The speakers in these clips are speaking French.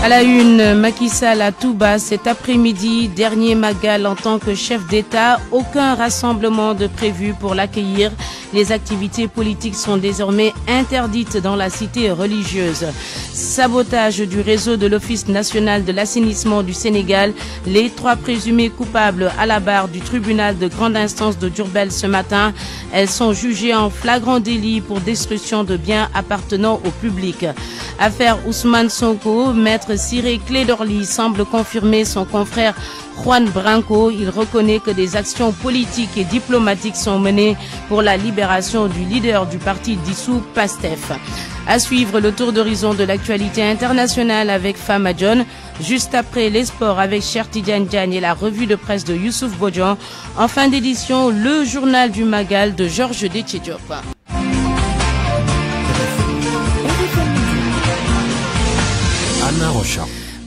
À la une, Macky à Touba cet après-midi, dernier magal en tant que chef d'État. Aucun rassemblement de prévu pour l'accueillir. Les activités politiques sont désormais interdites dans la cité religieuse. Sabotage du réseau de l'Office national de l'assainissement du Sénégal. Les trois présumés coupables à la barre du tribunal de grande instance de Durbel ce matin. Elles sont jugées en flagrant délit pour destruction de biens appartenant au public. Affaire Ousmane Sonko, maître Siré Clé semble confirmer son confrère Juan Branco. Il reconnaît que des actions politiques et diplomatiques sont menées pour la libération du leader du parti dissous, PASTEF. À suivre le tour d'horizon de l'actualité internationale avec Fama John, juste après les sports avec Cher Tidiane et la revue de presse de Youssouf Bodjan. En fin d'édition, le journal du Magal de Georges Détchédiop.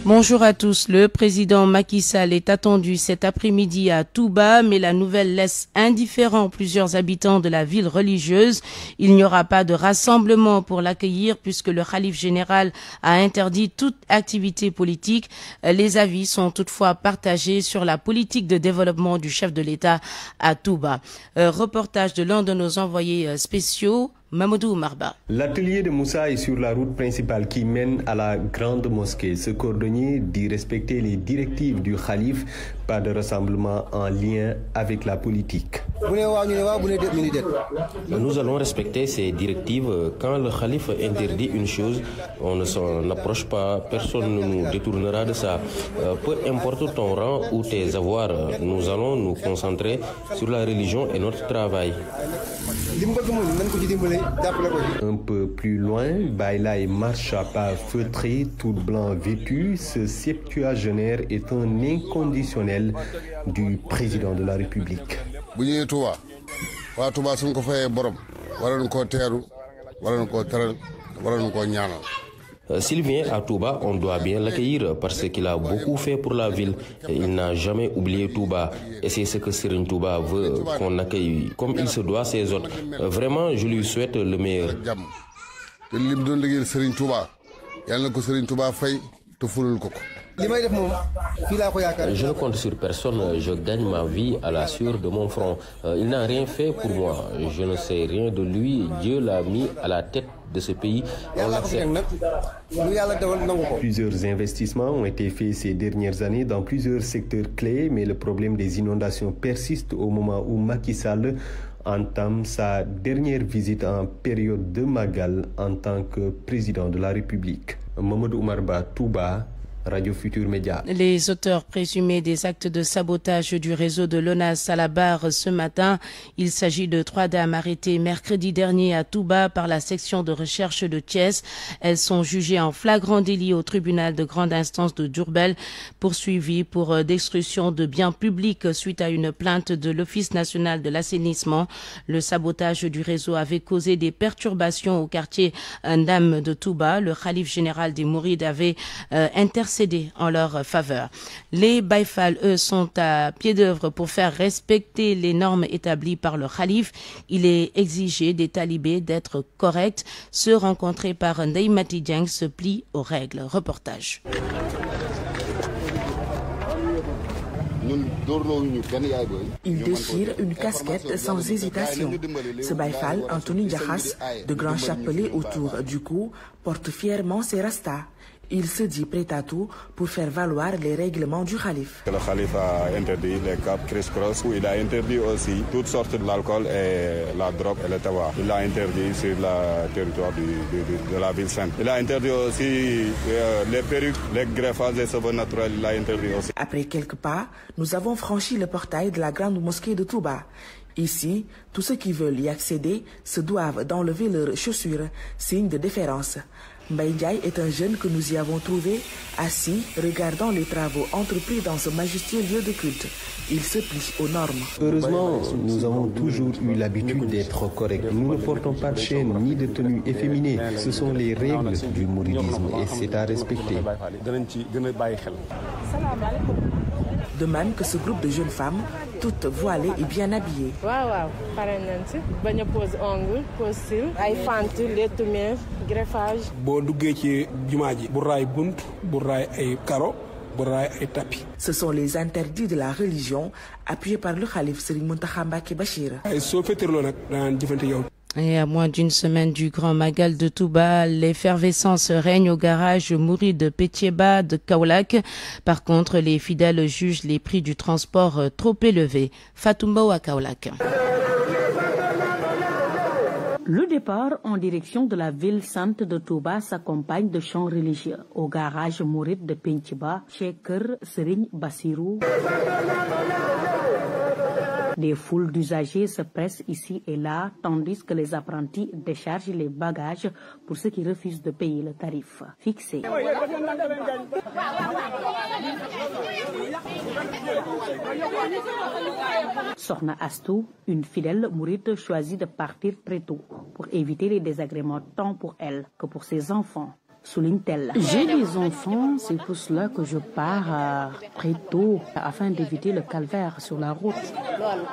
Bonjour à tous. Le président Macky Sall est attendu cet après-midi à Touba, mais la nouvelle laisse indifférent plusieurs habitants de la ville religieuse. Il n'y aura pas de rassemblement pour l'accueillir puisque le Khalif général a interdit toute activité politique. Les avis sont toutefois partagés sur la politique de développement du chef de l'État à Touba. Euh, reportage de l'un de nos envoyés euh, spéciaux. Mamoudou Marba. L'atelier de Moussa est sur la route principale qui mène à la grande mosquée. Ce cordonnier dit respecter les directives du calife, pas de rassemblement en lien avec la politique. Nous allons respecter ces directives. Quand le calife interdit une chose, on ne s'en approche pas, personne ne nous détournera de ça. Euh, peu importe ton rang ou tes avoirs, nous allons nous concentrer sur la religion et notre travail un peu plus loin Bailaï marche à pas feutré tout blanc vêtu ce septuagénaire est un inconditionnel du président de la République. Euh, s'il vient à Touba, on doit bien l'accueillir parce qu'il a beaucoup fait pour la ville. il n'a jamais oublié Touba. Et c'est ce que Sirin Touba veut qu'on accueille comme il se doit ses autres. Vraiment, je lui souhaite le meilleur je ne compte sur personne je gagne ma vie à la sueur de mon front euh, il n'a rien fait pour moi je ne sais rien de lui Dieu l'a mis à la tête de ce pays. Plusieurs investissements ont été faits ces dernières années dans plusieurs secteurs clés, mais le problème des inondations persiste au moment où Macky Sall entame sa dernière visite en période de Magal en tant que président de la République. Mamadou Marba Touba, Radio Futur Média. Les auteurs présumés des actes de sabotage du réseau de l'ONAS à la barre ce matin. Il s'agit de trois dames arrêtées mercredi dernier à Touba par la section de recherche de Thiès. Elles sont jugées en flagrant délit au tribunal de grande instance de Durbel, poursuivies pour euh, destruction de biens publics suite à une plainte de l'Office national de l'assainissement. Le sabotage du réseau avait causé des perturbations au quartier Ndam de Touba. Le khalif général des Mourides avait euh, cédé en leur faveur. Les Baïfal, eux, sont à pied d'œuvre pour faire respecter les normes établies par le Khalif. Il est exigé des talibés d'être corrects. Se rencontrer par Neymati Djang se plie aux règles. Reportage. Il déchire une casquette sans hésitation. Ce Baïfal, Anthony Diaras, de grand chapelet autour du cou, porte fièrement ses rastas. Il se dit prêt à tout pour faire valoir les règlements du calife. Le calife a interdit les capes criss-cross. Il a interdit aussi toutes sortes d'alcool, et la drogue et le tabac. Il a interdit sur le territoire de la ville sainte. Il a interdit aussi euh, les perruques, les greffages et cheveux naturels. Il a interdit aussi. Après quelques pas, nous avons franchi le portail de la grande mosquée de Touba. Ici, tous ceux qui veulent y accéder se doivent d'enlever leurs chaussures, signe de déférence. Mbaïdiaï est un jeune que nous y avons trouvé, assis, regardant les travaux entrepris dans ce majestueux lieu de culte. Il se plie aux normes. Heureusement, nous avons toujours eu l'habitude d'être corrects. Nous ne portons pas de chaîne ni de tenue efféminée. Ce sont les règles du mouridisme et c'est à respecter. De même que ce groupe de jeunes femmes, toutes voilées et bien habillées. waaw waaw pare nañ si bañ pose ongle pose cils ay fente lettu mère greffage. boo duggee ci jumaa ji. bu raay bunt bu raay ay karo. Ce sont les interdits de la religion appuyés par le calife Serigne Mountakha Mbacké Bachir. Et à moins d'une semaine du Grand Magal de Touba, l'effervescence règne au garage Mouri de Pétieba de Kaolak. Par contre, les fidèles jugent les prix du transport trop élevés. Fatoumbo à Kaolak. Le départ en direction de la ville sainte de Touba s'accompagne de chants religieux au garage Mourid de Pétieba, chez Serigne des foules d'usagers se pressent ici et là, tandis que les apprentis déchargent les bagages pour ceux qui refusent de payer le tarif fixé. Sorna Astou, une fidèle mourite, choisit de partir très tôt pour éviter les désagréments tant pour elle que pour ses enfants. J'ai des enfants, c'est pour cela que je pars très tôt afin d'éviter le calvaire sur la route.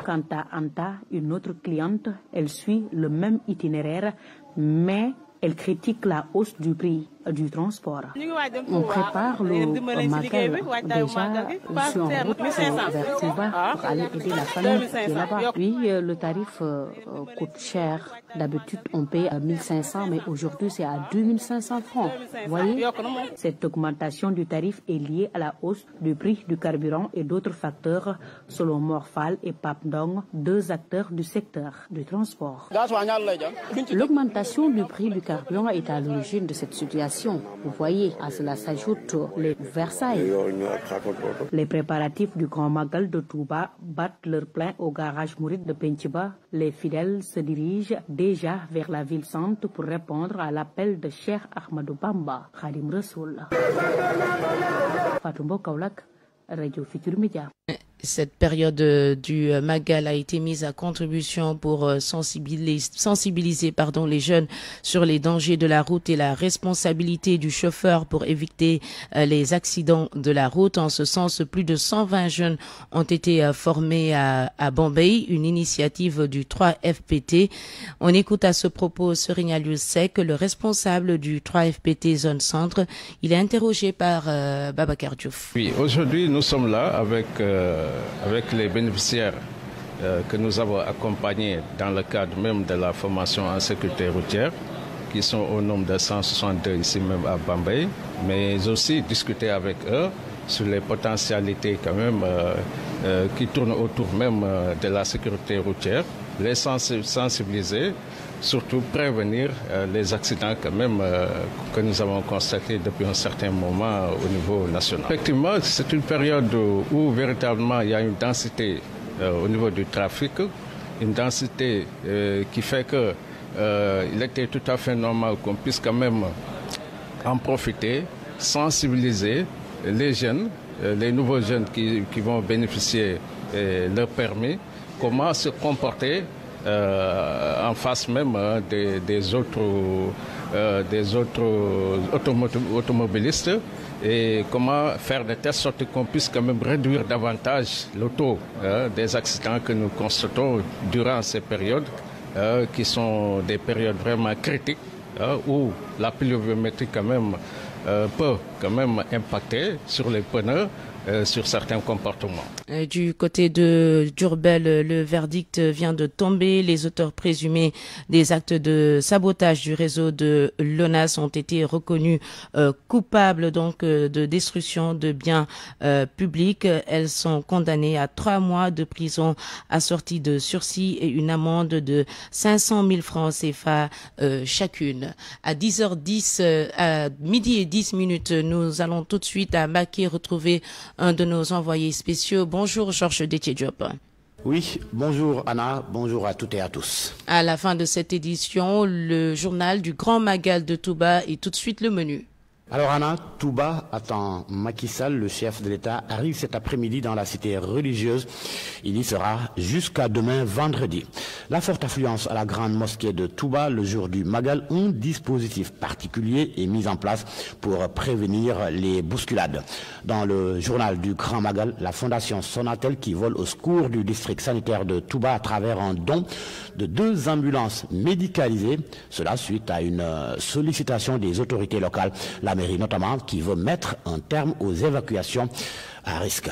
Quant à Anta, une autre cliente, elle suit le même itinéraire, mais elle critique la hausse du prix du transport. On prépare le Déjà, je suis en route pour ah. aller aider la famille qui là-bas. Oui, euh, le tarif euh, euh, coûte cher. D'habitude, on paye à 1500, mais aujourd'hui, c'est à 2500 francs. Vous voyez, cette augmentation du tarif est liée à la hausse du prix du carburant et d'autres facteurs, selon Morphal et Papdong, deux acteurs du secteur du transport. L'augmentation du prix du carburant est à l'origine de cette situation vous voyez, à cela s'ajoute les Versailles. Les préparatifs du Grand Magal de Touba battent leur plein au garage mouride de Pentiba. Les fidèles se dirigent déjà vers la ville sainte pour répondre à l'appel de Cheikh Ahmadou Bamba, Khadim Rasoul. Radio Futur Média cette période euh, du euh, Magal a été mise à contribution pour euh, sensibiliser, sensibiliser pardon, les jeunes sur les dangers de la route et la responsabilité du chauffeur pour éviter les accidents de la route. En ce sens, plus de 120 jeunes ont été formés à, Bombay, une initiative du 3FPT. On écoute à ce propos Serena Sec, le responsable du 3FPT Zone Centre. Il est interrogé par Baba Babacar Oui, aujourd'hui, nous sommes là avec... Euh, avec les bénéficiaires euh, que nous avons accompagnés dans le cadre même de la formation en sécurité routière, qui sont au nombre de 162 ici même à Bambay, mais aussi discuter avec eux sur les potentialités quand même euh, qui tournent autour même de la sécurité routière, les sensibiliser surtout prévenir euh, les accidents même euh, que nous avons constatés depuis un certain moment euh, au niveau national. Effectivement, c'est une période où véritablement il y a une densité au niveau du trafic, une densité qui fait qu'il était tout à fait normal qu'on puisse quand même en profiter, sensibiliser les jeunes, les nouveaux jeunes qui, qui vont bénéficier de leur permis, comment se comporter euh, en face même hein, des, autres, euh, des autres automobilistes et comment faire des tests sorte qu'on puisse quand même réduire davantage le taux hein, des accidents que nous constatons durant ces périodes, hein, qui sont des périodes vraiment critiques, où la pluviométrie quand même euh, peut quand même impacter sur les pneus, euh, sur certains comportements. Euh, du côté de Durbel, le verdict vient de tomber. Les auteurs présumés des actes de sabotage du réseau de l'ONAS ont été reconnus euh, coupables donc de destruction de biens publics. Elles sont condamnées à trois mois de prison assortie de sursis et une amende de 500 000 francs CFA chacune. À 10h10, à midi et 10 minutes, nous allons tout de suite à Maquet retrouver un de nos envoyés spéciaux. Bonjour Georges détier Oui, bonjour Anna, bonjour à toutes et à tous. À la fin de cette édition, le journal du Grand Magal de Touba est tout de suite le menu. Alors Anna, Touba attend Macky le chef de l'État, arrive cet après-midi dans la cité religieuse. Il y sera jusqu'à demain vendredi. La forte affluence à la grande mosquée de Touba le jour du Magal, un dispositif particulier est mis en place pour prévenir les bousculades. Dans le journal du Grand Magal, la fondation Sonatel qui vole au secours du district sanitaire de Touba à travers un don de deux ambulances médicalisées, cela suite à une sollicitation des autorités locales mairie notamment, qui veut mettre un terme aux évacuations à risque.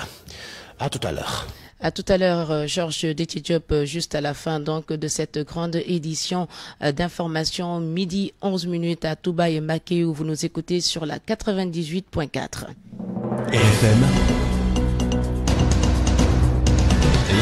À tout à l'heure. À tout à l'heure, euh, Georges Détitiop, euh, juste à la fin donc de cette grande édition euh, d'information, midi 11 minutes à toubaï et Maké, où vous nous écoutez sur la 98.4. FM.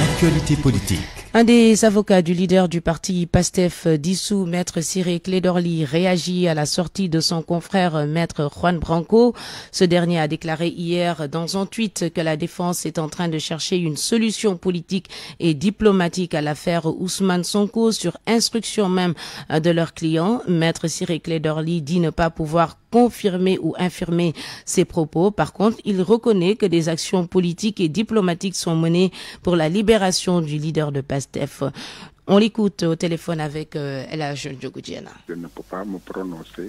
L'actualité politique. Un des avocats du leader du parti PASTEF dissous, maître Cyril Clédorly, réagit à la sortie de son confrère maître Juan Branco. Ce dernier a déclaré hier dans un tweet que la défense est en train de chercher une solution politique et diplomatique à l'affaire Ousmane Sonko sur instruction même de leur client, Maître Cyril Clédorly dit ne pas pouvoir confirmer ou infirmer ses propos. Par contre, il reconnaît que des actions politiques et diplomatiques sont menées pour la libération du leader de PASTEF. On l'écoute au téléphone avec euh, Elage Je ne peux pas me prononcer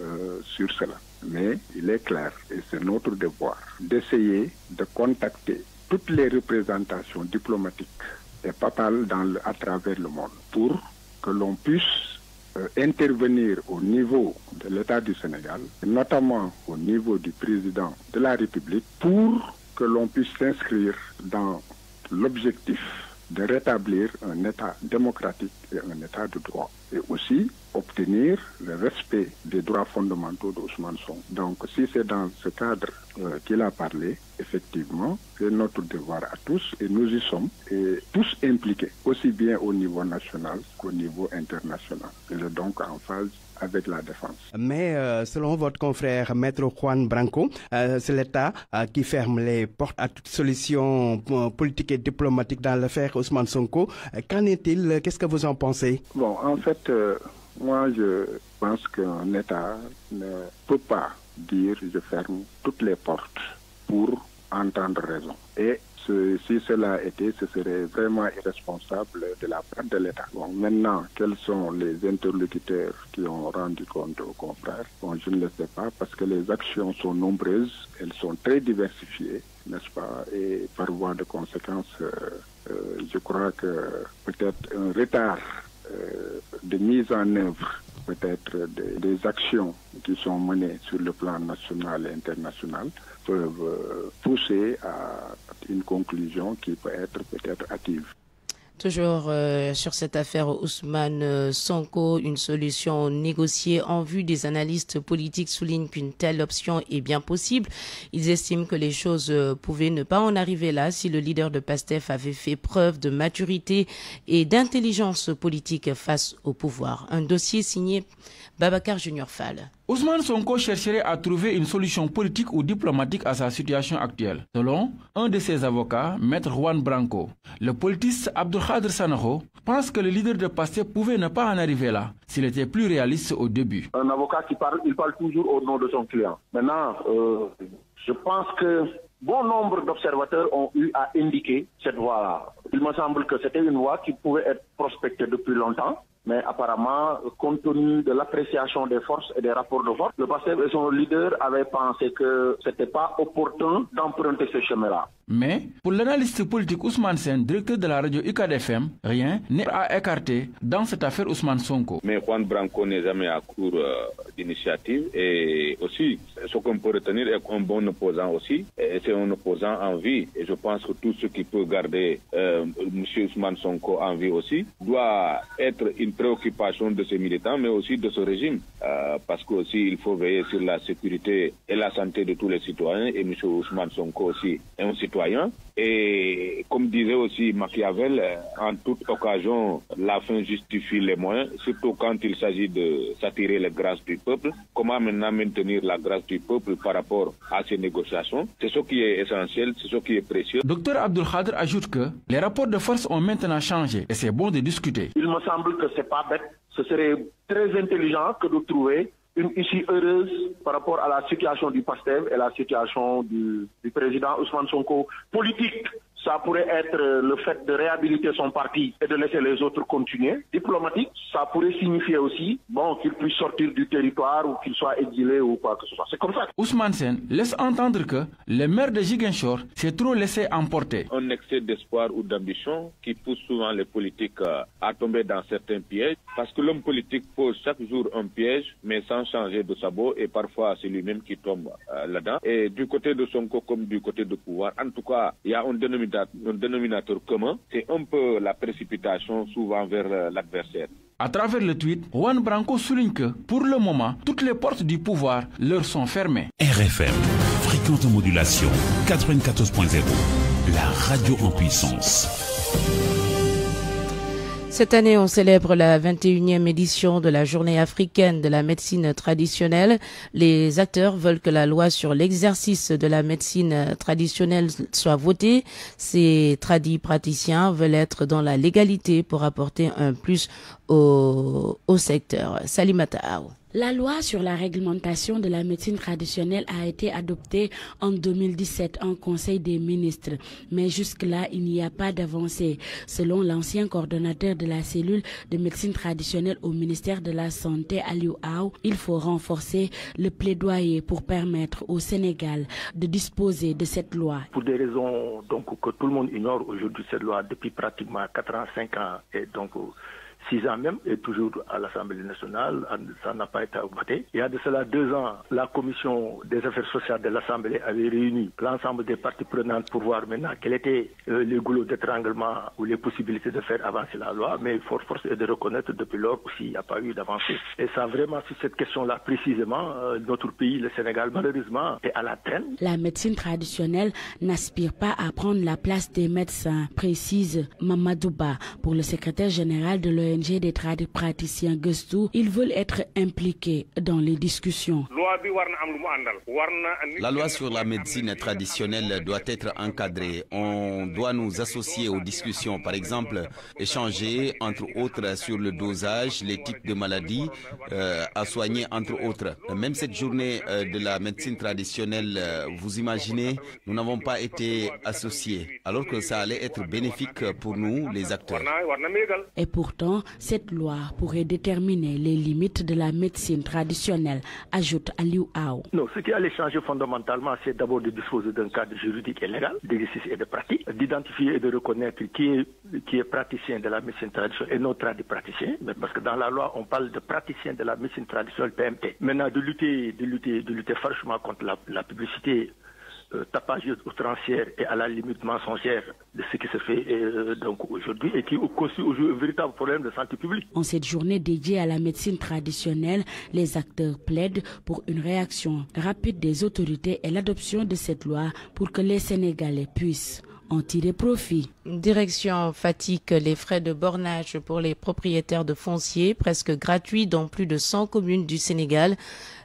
euh, sur cela, mais il est clair, et c'est notre devoir, d'essayer de contacter toutes les représentations diplomatiques et papales dans à travers le monde pour que l'on puisse euh, intervenir au niveau de l'État du Sénégal, notamment au niveau du président de la République, pour que l'on puisse s'inscrire dans l'objectif de rétablir un État démocratique et un État de droit. Et aussi obtenir le respect des droits fondamentaux d'Ousmane Son. Donc si c'est dans ce cadre euh, qu'il a parlé, effectivement, c'est notre devoir à tous et nous y sommes, et tous impliqués, aussi bien au niveau national qu'au niveau international. Il est donc en phase avec la défense. Mais euh, selon votre confrère Maître Juan Branco, euh, c'est l'État qui ferme les portes à toute solution politique et diplomatique dans l'affaire Ousmane Sonko. Qu'en est-il Qu'est-ce que vous en pensez Bon, en fait, moi, je pense qu'un État ne peut pas dire je ferme toutes les portes pour entendre raison. Et si cela était, ce serait vraiment irresponsable de la part de l'État. Bon, maintenant, quels sont les interlocuteurs qui ont rendu compte au contraire Bon, je ne le sais pas parce que les actions sont nombreuses, elles sont très diversifiées, n'est-ce pas Et par voie de conséquence, euh, euh, je crois que peut-être un retard euh, de mise en œuvre peut-être des, actions qui sont menées sur le plan national et international peuvent euh, pousser à une conclusion qui peut être peut-être active. Toujours euh, sur cette affaire Ousmane euh, Sonko, une solution négociée en vue des analystes politiques souligne qu'une telle option est bien possible. Ils estiment que les choses euh, pouvaient ne pas en arriver là si le leader de PASTEF avait fait preuve de maturité et d'intelligence politique face au pouvoir. Un dossier signé Babacar Junior Fall. Ousmane Sonko chercherait à trouver une solution politique ou diplomatique à sa situation actuelle, selon un de ses avocats, Maître Juan Branco. Le politiste Abdou Khadr Sanaho pense que le leader de Pasteur pouvait ne pas en arriver là s'il était plus réaliste au début. Un avocat qui parle, il parle toujours au nom de son client. Maintenant, euh, je pense que bon nombre d'observateurs ont eu à indiquer cette voie-là. Il me semble que c'était une voie qui pouvait être prospectée depuis longtemps. Mais apparemment, compte tenu de l'appréciation des forces et des rapports de force, le passé et son leader avaient pensé que c'était pas opportun d'emprunter ce chemin-là. Mais pour l'analyste politique Ousmane Sen, directeur de la radio IKDFM, rien n'est à écarter dans cette affaire Ousmane Sonko. Mais Juan Branco n'est jamais à court euh, d'initiative et aussi ce qu'on peut retenir est qu'un bon opposant aussi, c'est un opposant en vie. Et je pense que tout ce qui peut garder euh, euh, M. Ousmane Sonko en vie aussi, doit être une préoccupation de ses militants, mais aussi de ce régime. Euh, parce qu'aussi, il faut veiller sur la sécurité et la santé de tous les citoyens. Et M. Ousmane Sonko aussi est un citoyen. Et comme disait aussi Machiavel, euh, en toute occasion, la fin justifie les moyens, surtout quand il s'agit de s'attirer les grâces du peuple. Comment maintenant maintenir la grâce du peuple par rapport à ces négociations C'est ce qui est essentiel, c'est ce qui est précieux. Docteur Abdul ajoute que les les rapports de force ont maintenant changé et c'est bon de discuter. Il me semble que ce c'est pas bête. Ce serait très intelligent que de trouver une issue heureuse par rapport à la situation du PASTEV et la situation du, du président Ousmane Sonko politique ça pourrait être le fait de réhabiliter son parti et de laisser les autres continuer. Diplomatique, ça pourrait signifier aussi bon, qu'il puisse sortir du territoire ou qu'il soit exilé ou quoi que ce soit. C'est comme ça. Ousmane Sen laisse entendre que le maire de Giguinchor s'est trop laissé emporter. Un excès d'espoir ou d'ambition qui pousse souvent les politiques euh, à tomber dans certains pièges parce que l'homme politique pose chaque jour un piège mais sans changer de sabot et parfois c'est lui-même qui tombe euh, là-dedans. Et du côté de son co comme du côté de pouvoir, en tout cas, il y a un dénominateur dénominateur commun, c'est un peu la précipitation souvent vers euh, l'adversaire. À travers le tweet, Juan Branco souligne que, pour le moment, toutes les portes du pouvoir leur sont fermées. RFM, fréquente modulation, 94.0, la radio en puissance. Cette année, on célèbre la 21e édition de la Journée africaine de la médecine traditionnelle. Les acteurs veulent que la loi sur l'exercice de la médecine traditionnelle soit votée. Ces tradis praticiens veulent être dans la légalité pour apporter un plus au, au secteur. Salimata la loi sur la réglementation de la médecine traditionnelle a été adoptée en 2017 en Conseil des ministres, mais jusque-là, il n'y a pas d'avancée. Selon l'ancien coordonnateur de la cellule de médecine traditionnelle au ministère de la Santé, Aliou Aou, il faut renforcer le plaidoyer pour permettre au Sénégal de disposer de cette loi. Pour des raisons donc, que tout le monde ignore aujourd'hui, cette loi depuis pratiquement 4 ans, 5 ans, donc six ans même, et toujours à l'Assemblée nationale, ah, ça n'a pas été augmenté. Il y a de cela deux ans, la commission des affaires sociales de l'Assemblée avait réuni l'ensemble des parties prenantes pour voir maintenant quel était euh, le goulot d'étranglement ou les possibilités de faire avancer la loi, mais il force est de reconnaître depuis lors qu'il n'y a pas eu d'avancée. Et ça vraiment sur cette question-là précisément, euh, notre pays, le Sénégal, malheureusement, est à la traîne. La médecine traditionnelle n'aspire pas à prendre la place des médecins, précise Mamadouba pour le secrétaire général de l' des praticiens, ils veulent être impliqués dans les discussions. La loi sur la médecine traditionnelle doit être encadrée. On doit nous associer aux discussions, par exemple, échanger entre autres sur le dosage, les types de maladies euh, à soigner entre autres. Même cette journée euh, de la médecine traditionnelle, euh, vous imaginez, nous n'avons pas été associés, alors que ça allait être bénéfique pour nous, les acteurs. Et pourtant, cette loi pourrait déterminer les limites de la médecine traditionnelle, ajoute Aliou Hao. Non, ce qui allait changer fondamentalement, c'est d'abord de disposer d'un cadre juridique et légal, d'exercice et de pratique, d'identifier et de reconnaître qui est, praticien de la médecine traditionnelle et non praticien, parce que dans la loi, on parle de praticien de la médecine traditionnelle PMT. Maintenant, de lutter, de lutter, de lutter franchement contre la publicité euh, tapage outrancière et à la limite mensongère de ce qui se fait euh, donc aujourd'hui et qui constitue un véritable problème de santé publique. En cette journée dédiée à la médecine traditionnelle, les acteurs plaident pour une réaction rapide des autorités et l'adoption de cette loi pour que les Sénégalais puissent en tirer profit. Direction fatigue les frais de bornage pour les propriétaires de fonciers presque gratuits dans plus de 100 communes du Sénégal.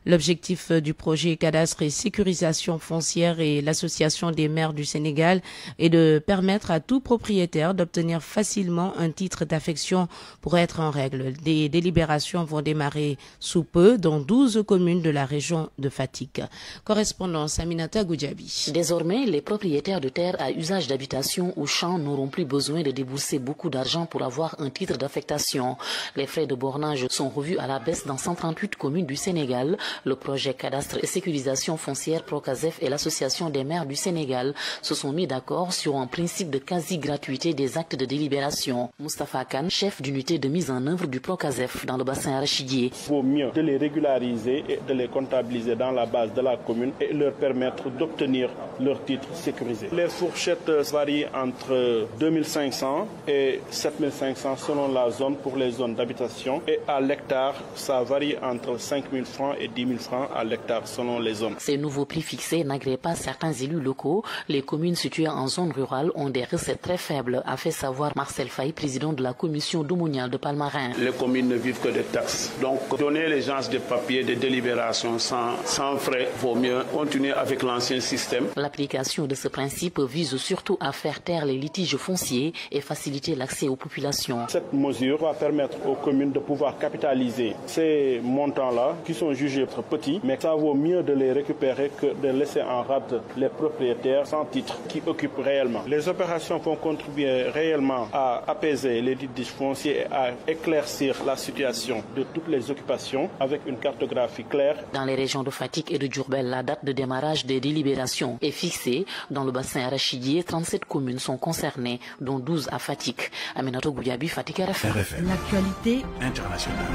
L'objectif euh, du projet Cadastre et Sécurisation foncière et l'Association des maires du Sénégal est de permettre à tout propriétaire d'obtenir facilement un titre d'affection pour être en règle. Des délibérations vont démarrer sous peu dans 12 communes de la région de Fatigue. Correspondance Aminata Goudjabi. Désormais, les propriétaires de terres à usage d'habitation ou champs n'auront plus besoin de débourser beaucoup d'argent pour avoir un titre d'affectation. Les frais de bornage sont revus à la baisse dans 138 communes du Sénégal. Le projet Cadastre et Sécurisation foncière Procasef et l'Association des maires du Sénégal se sont mis d'accord sur un principe de quasi-gratuité des actes de délibération. Mustafa Khan, chef d'unité de mise en œuvre du Procasef dans le bassin arachidier. Il vaut mieux de les régulariser et de les comptabiliser dans la base de la commune et leur permettre d'obtenir leur titre sécurisé. Les fourchettes varient entre 2500 et 7500 selon la zone pour les zones d'habitation et à l'hectare, ça varie entre 5000 francs et francs à l'hectare selon les hommes. Ces nouveaux prix fixés n'agréent pas certains élus locaux. Les communes situées en zone rurale ont des recettes très faibles, a fait savoir Marcel Fay, président de la commission domaniale de Palmarin. Les communes ne vivent que des taxes. Donc donner les gens des papiers de délibération sans, sans frais vaut mieux continuer avec l'ancien système. L'application de ce principe vise surtout à faire taire les litiges fonciers et faciliter l'accès aux populations. Cette mesure va permettre aux communes de pouvoir capitaliser ces montants-là qui sont jugés petits, mais ça vaut mieux de les récupérer que de laisser en rade les propriétaires sans titre qui occupent réellement. Les opérations vont contribuer réellement à apaiser les litiges fonciers et à éclaircir la situation de toutes les occupations avec une cartographie claire. Dans les régions de Fatik et de Djourbel, la date de démarrage des délibérations est fixée. Dans le bassin arachidier, 37 communes sont concernées, dont 12 à Fatik. Aminato Gouyabi, Fatik L'actualité internationale.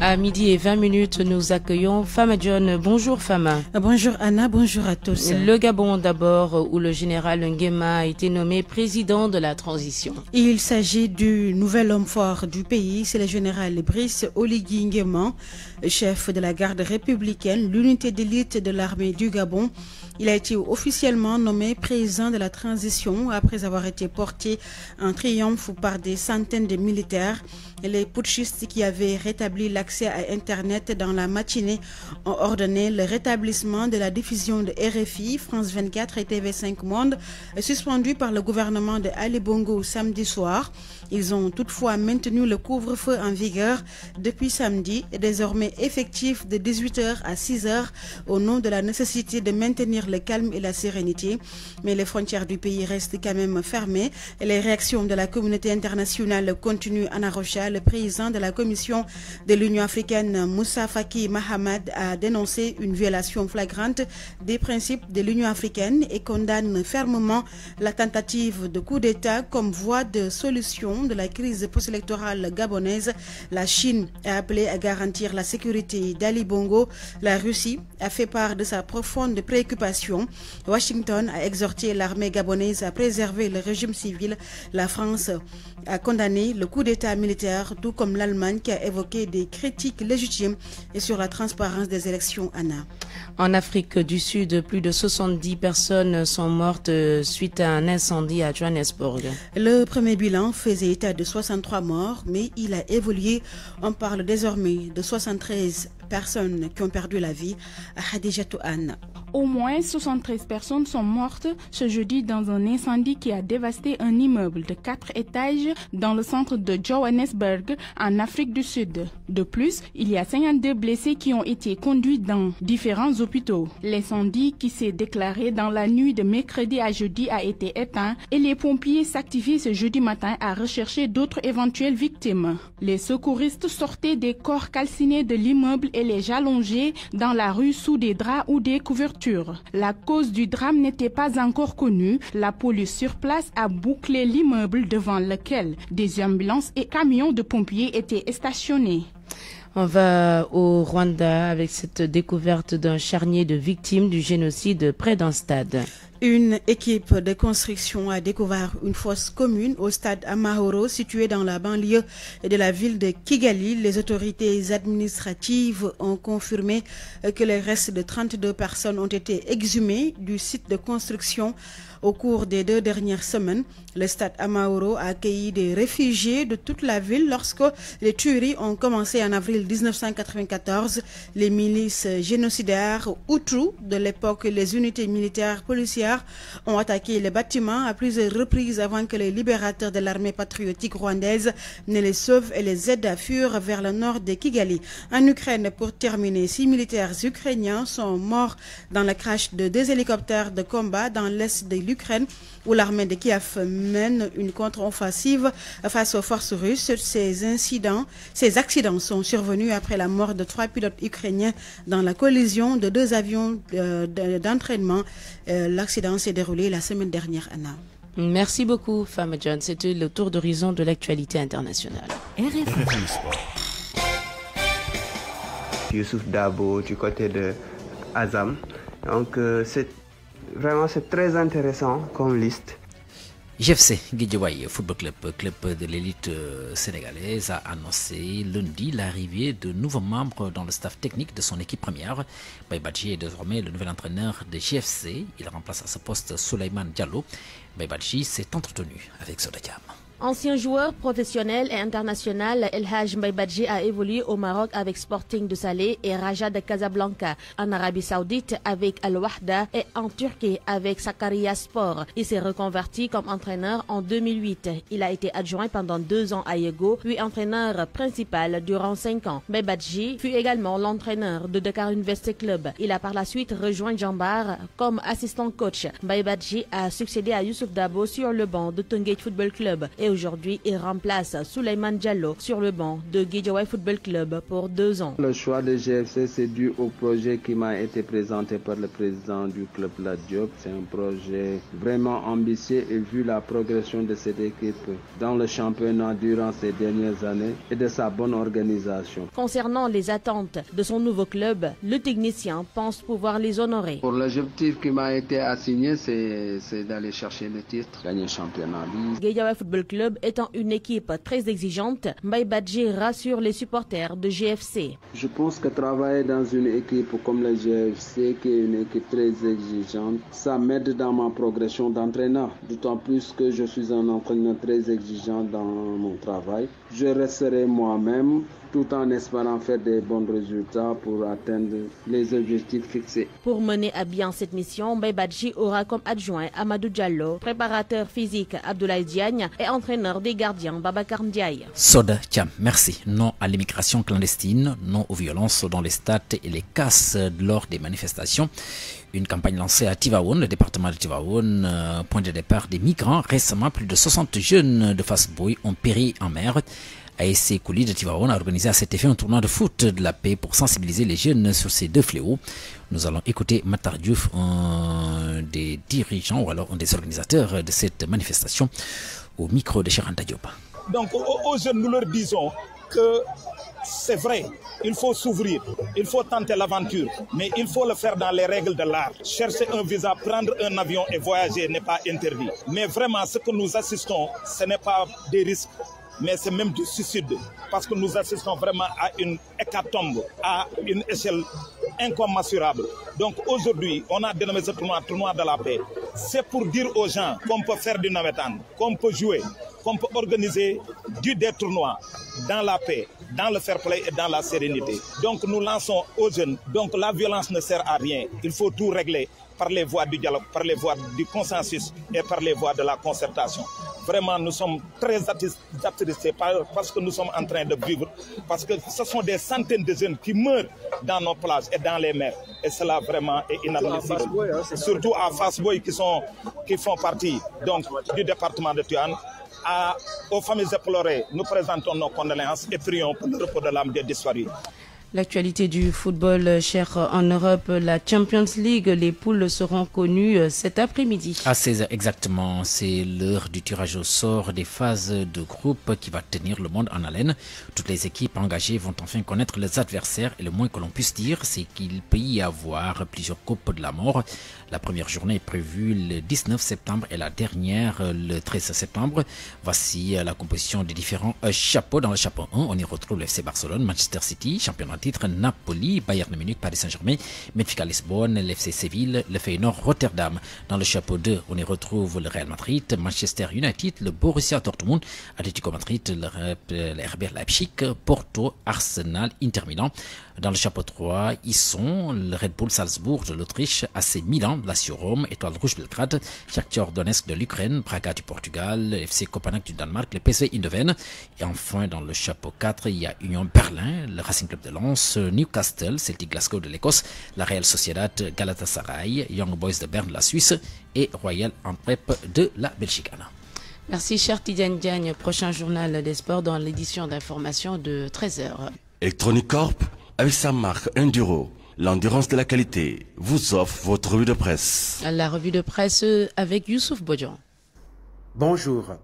À midi et 20 minutes, nous accueillons Fama John. Bonjour Fama. Bonjour Anna, bonjour à tous. Le Gabon d'abord, où le général Nguema a été nommé président de la transition. Il s'agit du nouvel homme fort du pays, c'est le général Brice Oligui Nguema. Chef de la garde républicaine, l'unité d'élite de l'armée du Gabon, il a été officiellement nommé président de la transition après avoir été porté en triomphe par des centaines de militaires. Les putschistes qui avaient rétabli l'accès à Internet dans la matinée ont ordonné le rétablissement de la diffusion de RFI, France 24 et TV5 Monde, suspendue par le gouvernement de Ali Bongo samedi soir. Ils ont toutefois maintenu le couvre-feu en vigueur depuis samedi. Désormais, Effectif de 18h à 6h au nom de la nécessité de maintenir le calme et la sérénité. Mais les frontières du pays restent quand même fermées et les réactions de la communauté internationale continuent à Rocha, Le président de la commission de l'Union africaine, Moussa Faki Mahamad, a dénoncé une violation flagrante des principes de l'Union africaine et condamne fermement la tentative de coup d'État comme voie de solution de la crise post-électorale gabonaise. La Chine a appelé à garantir la sécurité d'Ali Bongo, la Russie a fait part de sa profonde préoccupation. Washington a exhorté l'armée gabonaise à préserver le régime civil. La France a condamné le coup d'État militaire, tout comme l'Allemagne qui a évoqué des critiques légitimes et sur la transparence des élections, Anna. En Afrique du Sud, plus de 70 personnes sont mortes euh, suite à un incendie à Johannesburg. Le premier bilan faisait état de 63 morts, mais il a évolué. On parle désormais de 73 personnes qui ont perdu la vie à Anne. Au moins 73 personnes sont mortes ce jeudi dans un incendie qui a dévasté un immeuble de 4 étages dans le centre de Johannesburg en Afrique du Sud. De plus, il y a 52 blessés qui ont été conduits dans différents hôpitaux. L'incendie qui s'est déclaré dans la nuit de mercredi à jeudi a été éteint et les pompiers s'activent ce jeudi matin à rechercher d'autres éventuelles victimes. Les secouristes sortaient des corps calcinés de l'immeuble elle les jalongés dans la rue sous des draps ou des couvertures. La cause du drame n'était pas encore connue. La police sur place a bouclé l'immeuble devant lequel des ambulances et camions de pompiers étaient stationnés. On va au Rwanda avec cette découverte d'un charnier de victimes du génocide près d'un stade. Une équipe de construction a découvert une fosse commune au stade Amahoro situé dans la banlieue de la ville de Kigali. Les autorités administratives ont confirmé que les restes de 32 personnes ont été exhumés du site de construction au cours des deux dernières semaines. Le stade Amahoro a accueilli des réfugiés de toute la ville lorsque les tueries ont commencé en avril 1994. Les milices génocidaires outrous de l'époque, les unités militaires policières ont attaqué les bâtiments à plusieurs reprises avant que les libérateurs de l'armée patriotique rwandaise ne les sauvent et les aident à fuir vers le nord de Kigali. En Ukraine, pour terminer, six militaires ukrainiens sont morts dans le crash de deux hélicoptères de combat dans l'est de l'Ukraine où l'armée de Kiev mène une contre-offensive face aux forces russes. Ces incidents, ces accidents sont survenus après la mort de trois pilotes ukrainiens dans la collision de deux avions euh, d'entraînement. Euh, s'est déroulé la semaine dernière Anna. Merci beaucoup, Femme John. C'était le tour d'horizon de l'actualité internationale. Youssouf Dabo du côté de Azam. Donc, euh, c'est vraiment c'est très intéressant comme liste. JFC Guédiawaye Football Club, club de l'élite euh, sénégalaise, a annoncé lundi l'arrivée de nouveaux membres dans le staff technique de son équipe première. Baybadji est désormais le nouvel entraîneur de JFC. Il remplace à ce poste Souleymane Diallo. Baybadji s'est entretenu avec Sodakam. Ancien joueur professionnel et international, El Hajj a évolué au Maroc avec Sporting de Salé et Raja de Casablanca, en Arabie Saoudite avec Al-Wahda et en Turquie avec Sakaria Sport. Il s'est reconverti comme entraîneur en 2008. Il a été adjoint pendant deux ans à Yego, puis entraîneur principal durant cinq ans. Mbaibadji fut également l'entraîneur de Dakar University Club. Il a par la suite rejoint Jambar comme assistant coach. Mbaibadji a succédé à Youssouf Dabo sur le banc de Tungate Football Club aujourd'hui il remplace Souleymane Diallo sur le banc de Guédiawaye Football Club pour deux ans. Le choix de GFC c'est dû au projet qui m'a été présenté par le président du club La Diop. C'est un projet vraiment ambitieux et vu la progression de cette équipe dans le championnat durant ces dernières années et de sa bonne organisation. Concernant les attentes de son nouveau club, le technicien pense pouvoir les honorer. Pour l'objectif qui m'a été assigné, c'est d'aller chercher le titre, gagner le championnat. Football Club club étant une équipe très exigeante, Mbaye rassure les supporters de GFC. Je pense que travailler dans une équipe comme le GFC, qui est une équipe très exigeante, ça m'aide dans ma progression d'entraîneur. D'autant plus que je suis un entraîneur très exigeant dans mon travail. Je resterai moi-même tout en espérant faire des bons résultats pour atteindre les objectifs fixés. Pour mener à bien cette mission, Badji aura comme adjoint Amadou Diallo, préparateur physique Abdoulaye Diagne et entraîneur des gardiens Babacar Ndiaye. Soda tiens, merci. Non à l'immigration clandestine, non aux violences dans les stades et les casses lors des manifestations. Une campagne lancée à Tivaoun, le département de Tivaoun, euh, point de départ des migrants. Récemment, plus de 60 jeunes de Fassbouy ont péri en mer. ASC de Tivaouane a organisé à cet effet un tournoi de foot de la paix pour sensibiliser les jeunes sur ces deux fléaux. Nous allons écouter Matar un des dirigeants ou alors un des organisateurs de cette manifestation, au micro de Chiranta Diop. Donc aux jeunes, nous leur disons que c'est vrai, il faut s'ouvrir, il faut tenter l'aventure, mais il faut le faire dans les règles de l'art. Chercher un visa, prendre un avion et voyager n'est pas interdit. Mais vraiment, ce que nous assistons, ce n'est pas des risques mais c'est même du suicide, parce que nous assistons vraiment à une hécatombe, à une échelle incommensurable. Donc aujourd'hui, on a dénommé ce tournoi tournoi de la paix. C'est pour dire aux gens qu'on peut faire du nametan, qu'on peut jouer, qu'on peut organiser du des tournois dans la paix, dans le fair play et dans la sérénité. Donc nous lançons aux jeunes. Donc la violence ne sert à rien. Il faut tout régler par les voies du dialogue, par les voies du consensus et par les voies de la concertation. Vraiment, nous sommes très attristés parce que nous sommes en train de vivre, parce que ce sont des centaines de jeunes qui meurent dans nos plages et dans les mers. Et cela vraiment est inadmissible. Surtout à Fasboy hein, qui, sont, qui font partie donc, du département de Tuan. aux familles éplorées, nous présentons nos condoléances et prions pour le repos de l'âme des disparus. L'actualité du football euh, cher euh, en Europe, euh, la Champions League, les poules seront connues cet après-midi. À 16 exactement, c'est l'heure du tirage au sort des phases de groupe qui va tenir le monde en haleine. Toutes les équipes engagées vont enfin connaître les adversaires et le moins que l'on puisse dire, c'est qu'il peut y avoir plusieurs coupes de la mort. La première journée est prévue le 19 septembre et la dernière le 13 septembre. Voici la composition des différents chapeaux. Dans le chapeau 1, on y retrouve le FC Barcelone, Manchester City, championnat titre, Napoli, Bayern Munich, Paris Saint-Germain, Benfica Lisbonne, l'FC Séville, le Feyenoord Rotterdam. Dans le chapeau 2, on y retrouve le Real Madrid, Manchester United, le Borussia Dortmund, Atletico Madrid, le, Leipzig, Porto, Arsenal, Inter Milan. Dans le chapeau 3, ils sont le Red Bull Salzbourg de l'Autriche, AC Milan, Lazio Rome, Étoile Rouge Belgrade, Shakhtar Donetsk de l'Ukraine, Braga du Portugal, FC Copenhague du Danemark, le PSV Eindhoven. Et enfin, dans le chapeau 4, il y a Union Berlin, le Racing Club de Londres, euh, Newcastle, Celtic Glasgow de l'Écosse, la Real Sociedad Galatasaray, Young Boys de Berne, la Suisse et Royal en prep de la Belgique. Merci cher Tidiane Diagne, prochain journal des sports dans l'édition d'information de 13h. Electronic Corp, avec sa marque Enduro, l'endurance de la qualité, vous offre votre revue de presse. La revue de presse avec Youssouf Bodjan. Bonjour.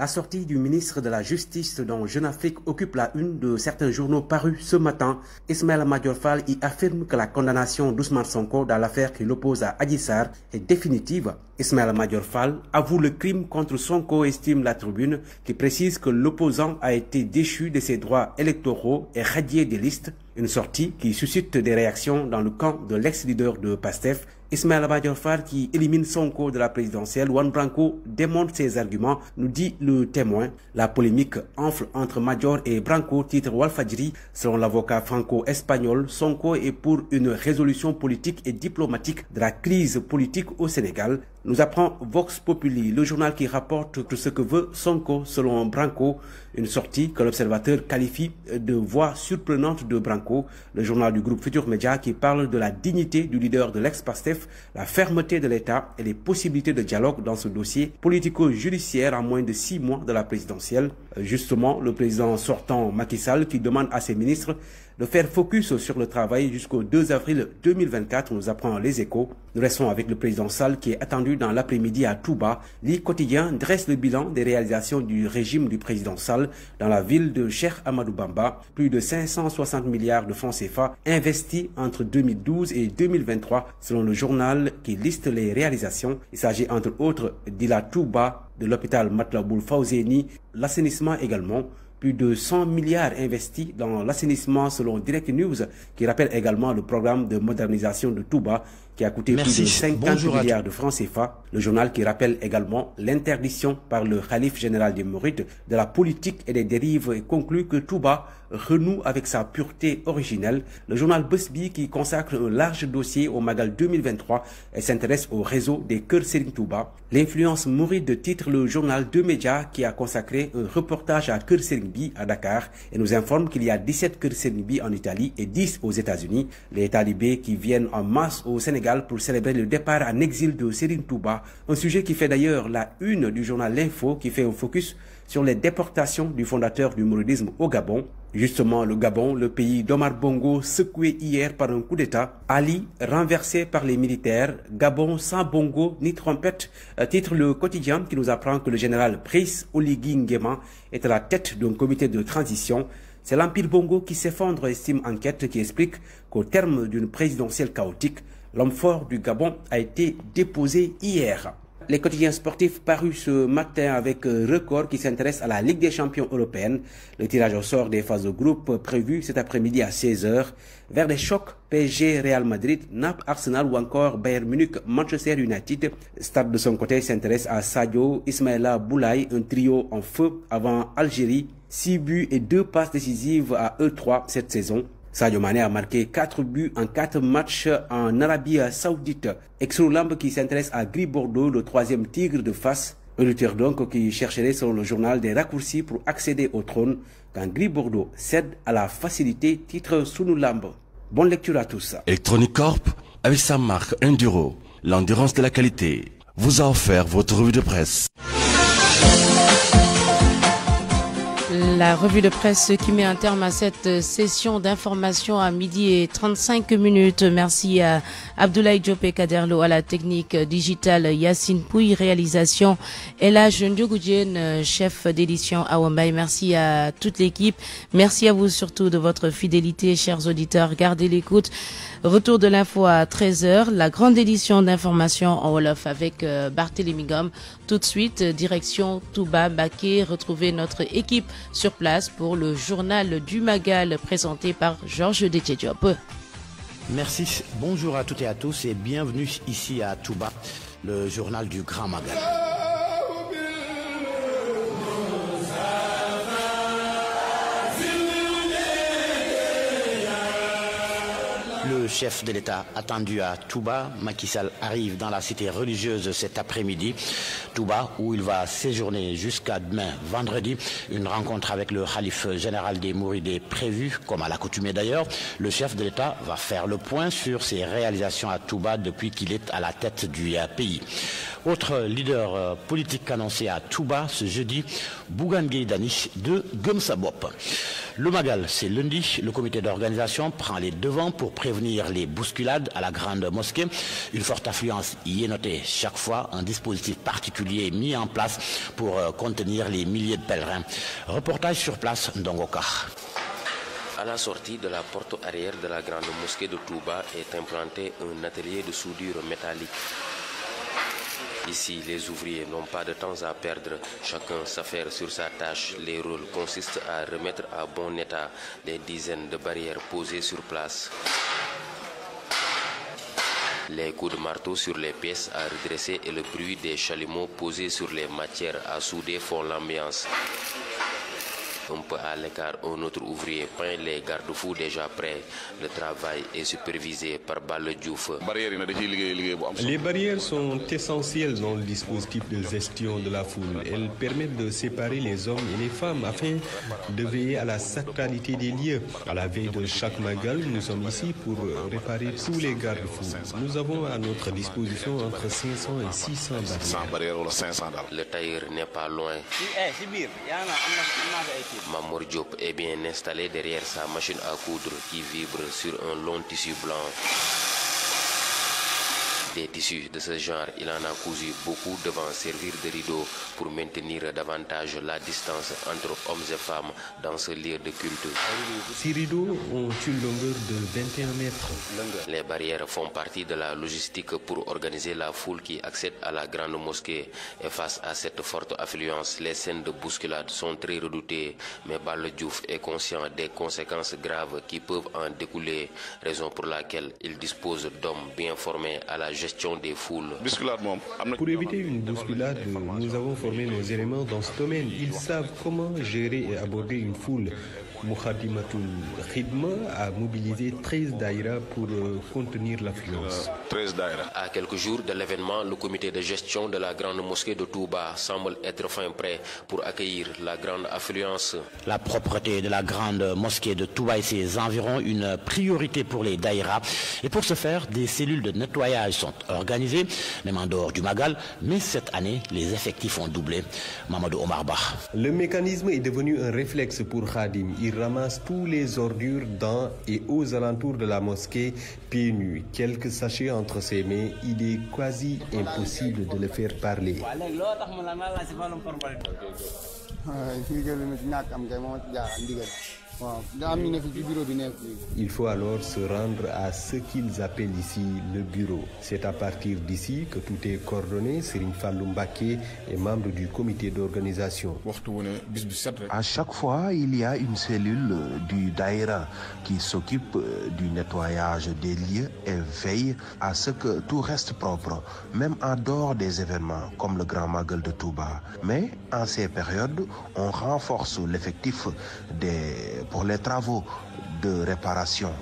La sortie du ministre de la Justice dont Jeune Afrique occupe la une de certains journaux parus ce matin, Ismaël Majorfal y affirme que la condamnation d'Ousmane Sonko dans l'affaire qui l'oppose à Adissar est définitive. Ismaël Majorfal avoue le crime contre Sonko, estime la tribune, qui précise que l'opposant a été déchu de ses droits électoraux et radié des listes, une sortie qui suscite des réactions dans le camp de l'ex-leader de PASTEF, Ismaël Abadjorfar qui élimine Sonko de la présidentielle, Juan Branco démontre ses arguments, nous dit le témoin. La polémique enfle entre Major et Branco, titre Walfadjiri. Selon l'avocat franco-espagnol, Sonko est pour une résolution politique et diplomatique de la crise politique au Sénégal. Nous apprend Vox Populi, le journal qui rapporte que ce que veut Sonko selon Branco. Une sortie que l'observateur qualifie de voix surprenante de Branco, le journal du groupe Futur Média qui parle de la dignité du leader de l'ex-PASTEF, la fermeté de l'État et les possibilités de dialogue dans ce dossier politico-judiciaire à moins de six mois de la présidentielle. Euh, justement le président sortant Macky Sall qui demande à ses ministres de faire focus sur le travail jusqu'au 2 avril 2024, nous apprend les échos. Nous restons avec le président Sall qui est attendu dans l'après-midi à Touba. Le quotidien dresse le bilan des réalisations du régime du président Sall dans la ville de Cheikh Amadou Bamba. Plus de 560 milliards de francs CFA investis entre 2012 et 2023 selon le journal qui liste les réalisations. Il s'agit entre autres d'Ila Touba, de l'hôpital Matlaboul Faouzéni. l'assainissement également. Plus de 100 milliards investis dans l'assainissement selon Direct News, qui rappelle également le programme de modernisation de Touba qui a coûté plus de 50 milliards de francs CFA. Le journal qui rappelle également l'interdiction par le calife général des Mourides de la politique et des dérives et conclut que Touba renoue avec sa pureté originelle. Le journal Busby qui consacre un large dossier au Magal 2023 et s'intéresse au réseau des cœurs Touba. L'influence de titre le journal Deux Médias qui a consacré un reportage à cœur Bi à Dakar et nous informe qu'il y a 17 cœurs Bi en Italie et 10 aux États-Unis. Les talibés qui viennent en masse au Sénégal pour célébrer le départ en exil de Sérine Touba, un sujet qui fait d'ailleurs la une du journal L'Info qui fait un focus sur les déportations du fondateur du mouridisme au Gabon. Justement, le Gabon, le pays d'Omar Bongo, secoué hier par un coup d'État, Ali renversé par les militaires, Gabon sans Bongo ni trompette, euh, titre le quotidien qui nous apprend que le général Brice Oligui Nguema est à la tête d'un comité de transition c'est l'Empire Bongo qui s'effondre, estime enquête qui explique qu'au terme d'une présidentielle chaotique, L'homme fort du Gabon a été déposé hier. Les quotidiens sportifs parus ce matin avec euh, Record qui s'intéresse à la Ligue des champions européenne. Le tirage au sort des phases de groupe prévu cet après-midi à 16h vers les chocs PSG, Real Madrid, Naples, Arsenal ou encore Bayern Munich, Manchester United. Stade de son côté s'intéresse à Sadio, Ismaïla, Boulaye, un trio en feu avant Algérie. 6 buts et deux passes décisives à E3 cette saison. Sadio Mané a marqué 4 buts en 4 matchs en Arabie Saoudite. Exolambe qui s'intéresse à Gris Bordeaux, le troisième tigre de face. Un lutteur donc qui chercherait selon le journal des raccourcis pour accéder au trône quand Gris Bordeaux cède à la facilité titre Sounou Bonne lecture à tous. Electronic Corp, avec sa marque Enduro, l'endurance de la qualité, vous a offert votre revue de presse. La revue de presse qui met un terme à cette session d'information à midi et 35 minutes. Merci à Abdoulaye djopé Kaderlo à la technique digitale Yacine Pouy, réalisation et Ella Ndiogoudjen, chef d'édition à Wambaï. Merci à toute l'équipe. Merci à vous surtout de votre fidélité, chers auditeurs. Gardez l'écoute. Retour de l'info à 13h, la grande édition d'information en Wolof avec euh, Barthélémy Gomme. Tout de suite, direction Touba Baké. Retrouvez notre équipe sur place pour le journal du Magal présenté par Georges Détchédiop. Merci, bonjour à toutes et à tous et bienvenue ici à Touba, le journal du Grand Magal. Le chef de l'État attendu à Touba, Makissal, arrive dans la cité religieuse cet après-midi. Touba, où il va séjourner jusqu'à demain, vendredi. Une rencontre avec le calife général des Mourides est prévue, comme à l'accoutumée d'ailleurs. Le chef de l'État va faire le point sur ses réalisations à Touba depuis qu'il est à la tête du euh, pays. Autre leader euh, politique annoncé à Touba ce jeudi, Bougan Danish de Gumsabop. Le Magal, c'est lundi. Le comité d'organisation prend les devants pour prévenir les bousculades à la grande mosquée. Une forte affluence y est notée chaque fois. Un dispositif particulier mis en place pour euh, contenir les milliers de pèlerins. Reportage sur place d'Ongoka. À la sortie de la porte arrière de la grande mosquée de Touba est implanté un atelier de soudure métallique. Ici, les ouvriers n'ont pas de temps à perdre. Chacun s'affaire sur sa tâche. Les rôles consistent à remettre à bon état des dizaines de barrières posées sur place les coups de marteau sur les pièces à redresser et le bruit des chalumeaux posés sur les matières à souder font l'ambiance. On peut aller l'écart, un autre ouvrier peint les garde-fous déjà prêts. Le travail est supervisé par Balle Diouf. Les barrières sont essentielles dans le dispositif de gestion de la foule. Elles permettent de séparer les hommes et les femmes afin de veiller à la sacralité des lieux. À la veille de chaque magal, nous sommes ici pour euh, réparer tous les garde-fous. Nous avons à notre disposition entre 500 et 600 barrières. Le tailleur n'est pas loin. Eh, Mamour Diop est bien installé derrière sa machine à coudre qui vibre sur un long tissu blanc. Des tissus de ce genre, il en a cousu beaucoup devant servir de rideau pour maintenir davantage la distance entre hommes et femmes dans ce lieu de culte. Ces rideaux ont une longueur de 21 mètres. Les barrières font partie de la logistique pour organiser la foule qui accède à la grande mosquée. Et face à cette forte affluence, les scènes de bousculade sont très redoutées. Mais Baledjouf est conscient des conséquences graves qui peuvent en découler, raison pour laquelle il dispose d'hommes bien formés à la des foules. Pour éviter une bousculade, nous avons formé nos éléments dans ce domaine. Ils savent comment gérer et aborder une foule. Atul Khidma a mobilisé 13 daïras pour euh, contenir l'affluence. 13 daïras. À quelques jours de l'événement, le comité de gestion de la grande mosquée de Touba semble être fin prêt pour accueillir la grande affluence. La propreté de la grande mosquée de Touba et ses environs, une priorité pour les daïras. Et pour ce faire, des cellules de nettoyage sont organisées, même en dehors du Magal. Mais cette année, les effectifs ont doublé. Mamadou Omar Le mécanisme est devenu un réflexe pour Khadim. Il ramasse tous les ordures dans et aux alentours de la mosquée pieds nus, quelques sachets entre ses mains, il est quasi impossible de le faire parler. Ah, il faut alors se rendre à ce qu'ils appellent ici le bureau. C'est à partir d'ici que tout est coordonné. Serine Fallou est membre du comité d'organisation. À chaque fois, il y a une cellule du Daïra qui s'occupe euh, du nettoyage des lieux et veille à ce que tout reste propre, même en dehors des événements comme le Grand Magal de Touba. Mais en ces périodes, on renforce l'effectif des pour les travaux de réparation.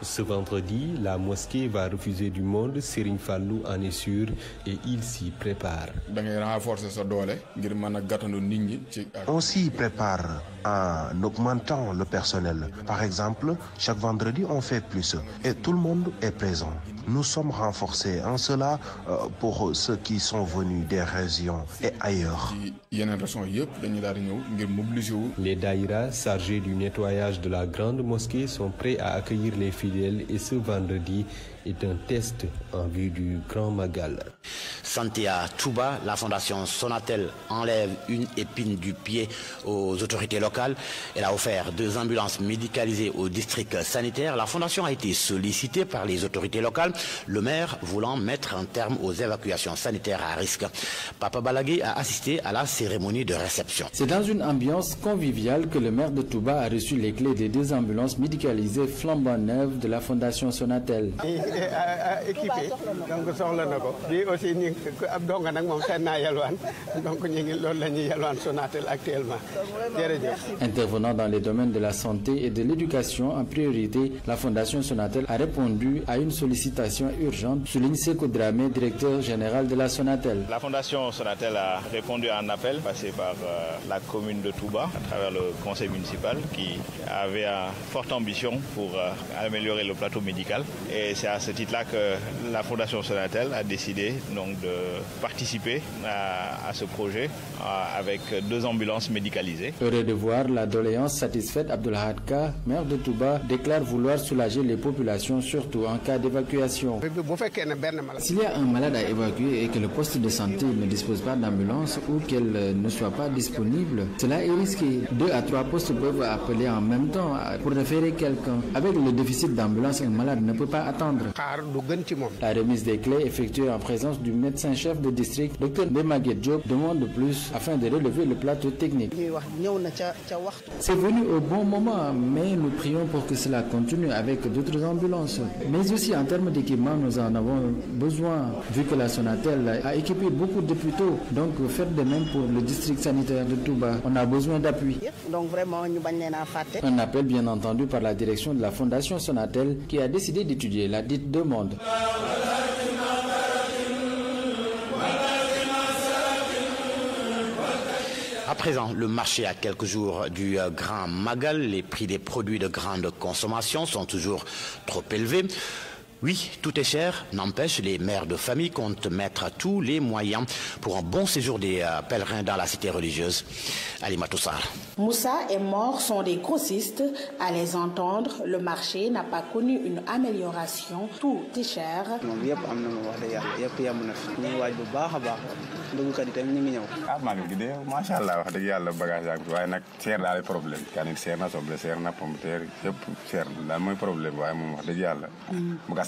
Ce vendredi, la mosquée va refuser du monde, Serigne Fallou en est sûr et il s'y prépare. On s'y prépare en augmentant le personnel. Par exemple, chaque vendredi, on fait plus et tout le monde est présent. Nous sommes renforcés en cela euh, pour ceux qui sont venus des régions et ailleurs. Les daïras chargés du nettoyage de la grande mosquée sont prêts à accueillir les fidèles et ce vendredi, est un test en vue du Grand Magal. Santé à Touba, la fondation Sonatel enlève une épine du pied aux autorités locales. Elle a offert deux ambulances médicalisées au district sanitaire. La fondation a été sollicitée par les autorités locales, le maire voulant mettre un terme aux évacuations sanitaires à risque. Papa Balagui a assisté à la cérémonie de réception. C'est dans une ambiance conviviale que le maire de Touba a reçu les clés des deux ambulances médicalisées flambant neuves de la fondation Sonatel équipé donc aussi actuellement intervenant dans les domaines de la santé et de l'éducation en priorité la fondation Sonatel a répondu à une sollicitation urgente souligne Sékou directeur général de la Sonatel la fondation Sonatel a répondu à un appel passé par euh, la commune de Touba à travers le conseil municipal qui avait une forte ambition pour euh, améliorer le plateau médical et c'est à ce titre-là que la Fondation Sonatel a décidé donc de participer à, ce projet avec deux ambulances médicalisées. Heureux de voir la doléance satisfaite, Abdelhadka, maire de Touba, déclare vouloir soulager les populations, surtout en cas d'évacuation. S'il y a un malade à évacuer et que le poste de santé ne dispose pas d'ambulance ou qu'elle ne soit pas disponible, cela est risqué. Deux à trois postes peuvent appeler en même temps pour référer quelqu'un. Avec le déficit d'ambulance, un malade ne peut pas attendre. La remise des clés effectuée en présence du médecin-chef de district docteur Ndemaguette Diop demande de plus afin de relever le plateau technique. C'est venu au bon moment mais nous prions pour que cela continue avec d'autres ambulances mais aussi en termes d'équipement nous en avons besoin vu que la Sonatel a équipé beaucoup de tôt, donc faire de même pour le district sanitaire de Touba on a besoin d'appui. Donc vraiment Un appel bien entendu par la direction de la Fondation Sonatel qui a décidé d'étudier la à présent, le marché à quelques jours du euh, Grand Magal, les prix des produits de grande consommation sont toujours trop élevés. Oui, tout est cher, n'empêche, les mères de famille comptent mettre tous les moyens pour un bon séjour des euh, pèlerins dans la cité religieuse. Ali Matoussar. Moussa et Mort sont des grossistes. À les entendre, le marché n'a pas connu une amélioration. Tout est cher. Ah,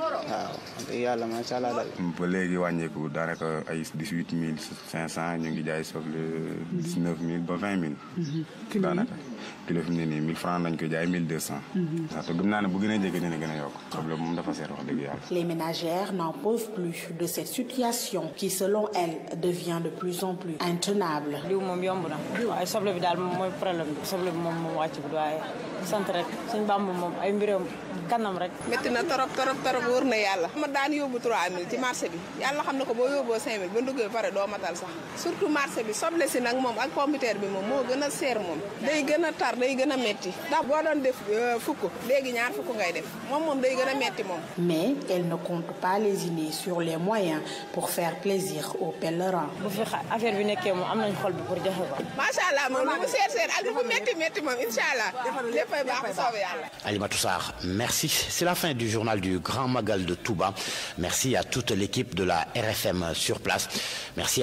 les ménagères n'en peuvent plus de cette situation qui selon elles devient de plus en plus intenable wóor na yàlla ma daan yobbu 3000 ci marché bi yalla xamna ko bo yobbo 5000 ba duggee pare do matal sax surtout marché bi soble si nag moom ak pompiteer bi mom mo gëna ser mom day gëna a tar day gëna metti da bo don def euh, fukk léegi ñaar fukk ngay def mom mom day gëna metti mom mais elle ne compte pas les lésiner sur les moyens pour faire plaisir aux pèlerins bu fi affaire bi nekké mom am nañ xol bi pour joxe ko macha allah moom lu mu seer seer ak lu mu metti metti moom incha allah léppay baax bu yalla yàlla Alimatou Sarr merci c'est la fin du journal du Grand Magal de Touba. Merci à toute l'équipe de la RFM sur place. Merci